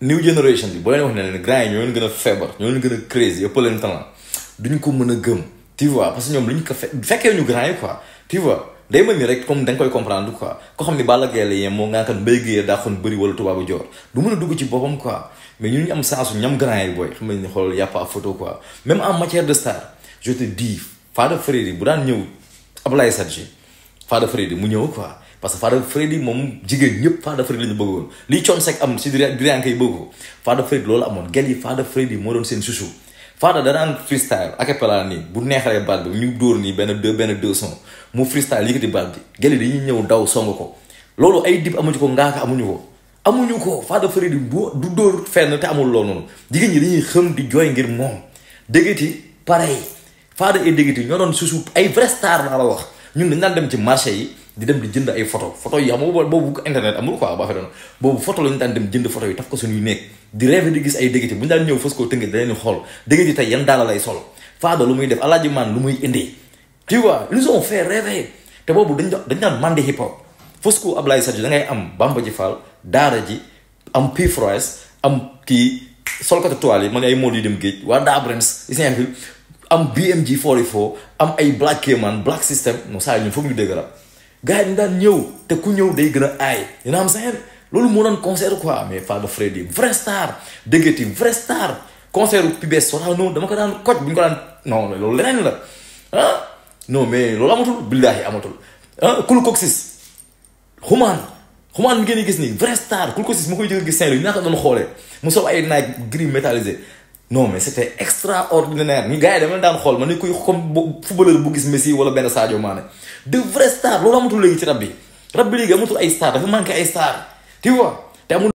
new generation bi boo leen wax ne leen grand yi ñoo leen gën a feebar ñoo leen gën a crazy yëpp leen talent duñ ko mën a gëm tu vois parce que ñoom lu ñu ko fe fekkee ñu grand yi quoi tu vois day mel ni rek comme da koy comprendre quoi ko xam ni Balla Gaye la yem moo ngaa kan mbéy géyee daa xoon bëri wala tubaabu joor du mën a dugg ci boppam quoi mais ñun ñu am sensu ñam grand yi booy xam nañ ne xool yàpp a photo quoi même en matière de star je te dis Fada Freddy bu Fada Freddy mu ñëw quoi parce que Fada Freddy moom jigéen ñëpp Fada Freddy la bëggoon li Thione am si Dirianke yi bëgg ko Fada Freddy moo doon seen chouchou Fada danaan freestyle acapella nii bu neexalee nii benn deux benn deux son loolu ay dib amuñu ko amuñu ko amuñu ko Fada Freddy bu du dóor fenn te amul loolu noonu jigéen ñi dañuy xëm di jooy ngir moom déggati pareil Fada et déggati ñoo doon chouchou ay vrai star laa la wax ñun dañ daan dem ci marché yi di dem di jënd ay photo photo yi xam nga boobu internet amul quoi ba affaire noonu boobu photo la daan dem jënd photo yi taf ko suñuy néeg di rêve di gis ay dëggati bu ñu daan ñëw fas koo da leen xool dëggati tey yan daala lay sol faado lu muy def alaaji maan lu muy indi tu vois ils ont fait te boobu dañ daan mandi hip hop fas koo Ablaye Sadji da ngay am Bamba ji Fall daara ji am Pifroes am kii solkatu toile yi man ay mool yu dem géej am BMG 44 am ay Black Cayman Black System non saa ñun foog ñu dégg rap gars yi daan ñëw te ku ñëw day gën a aay you know what I'm loolu moo doon concert quoi mais Fada Freddy vrai star déggati vrai star concert Pibes Sorano dama ko daan koj bu ñu ko daan non loolu leneen la ah no mais loolu amatul billaahi amatul ah Kulu Koksis xumaan xumaan mi ngeen di gis nii vrai star Kulu Koksis mu koy jël gis Saint-Louis ñu naka doon xoolee mu sol ay Nike gris métallisé non mais c'était extraordinaire ñu gars yi dama daan xool ma ne kuy comme footballeur bu gis Messi wala benn Sadio Mané de vrai star loolu amatul léegi ci rab bi rab bi léegi amatul ay star dafa manqué ay star tu te amul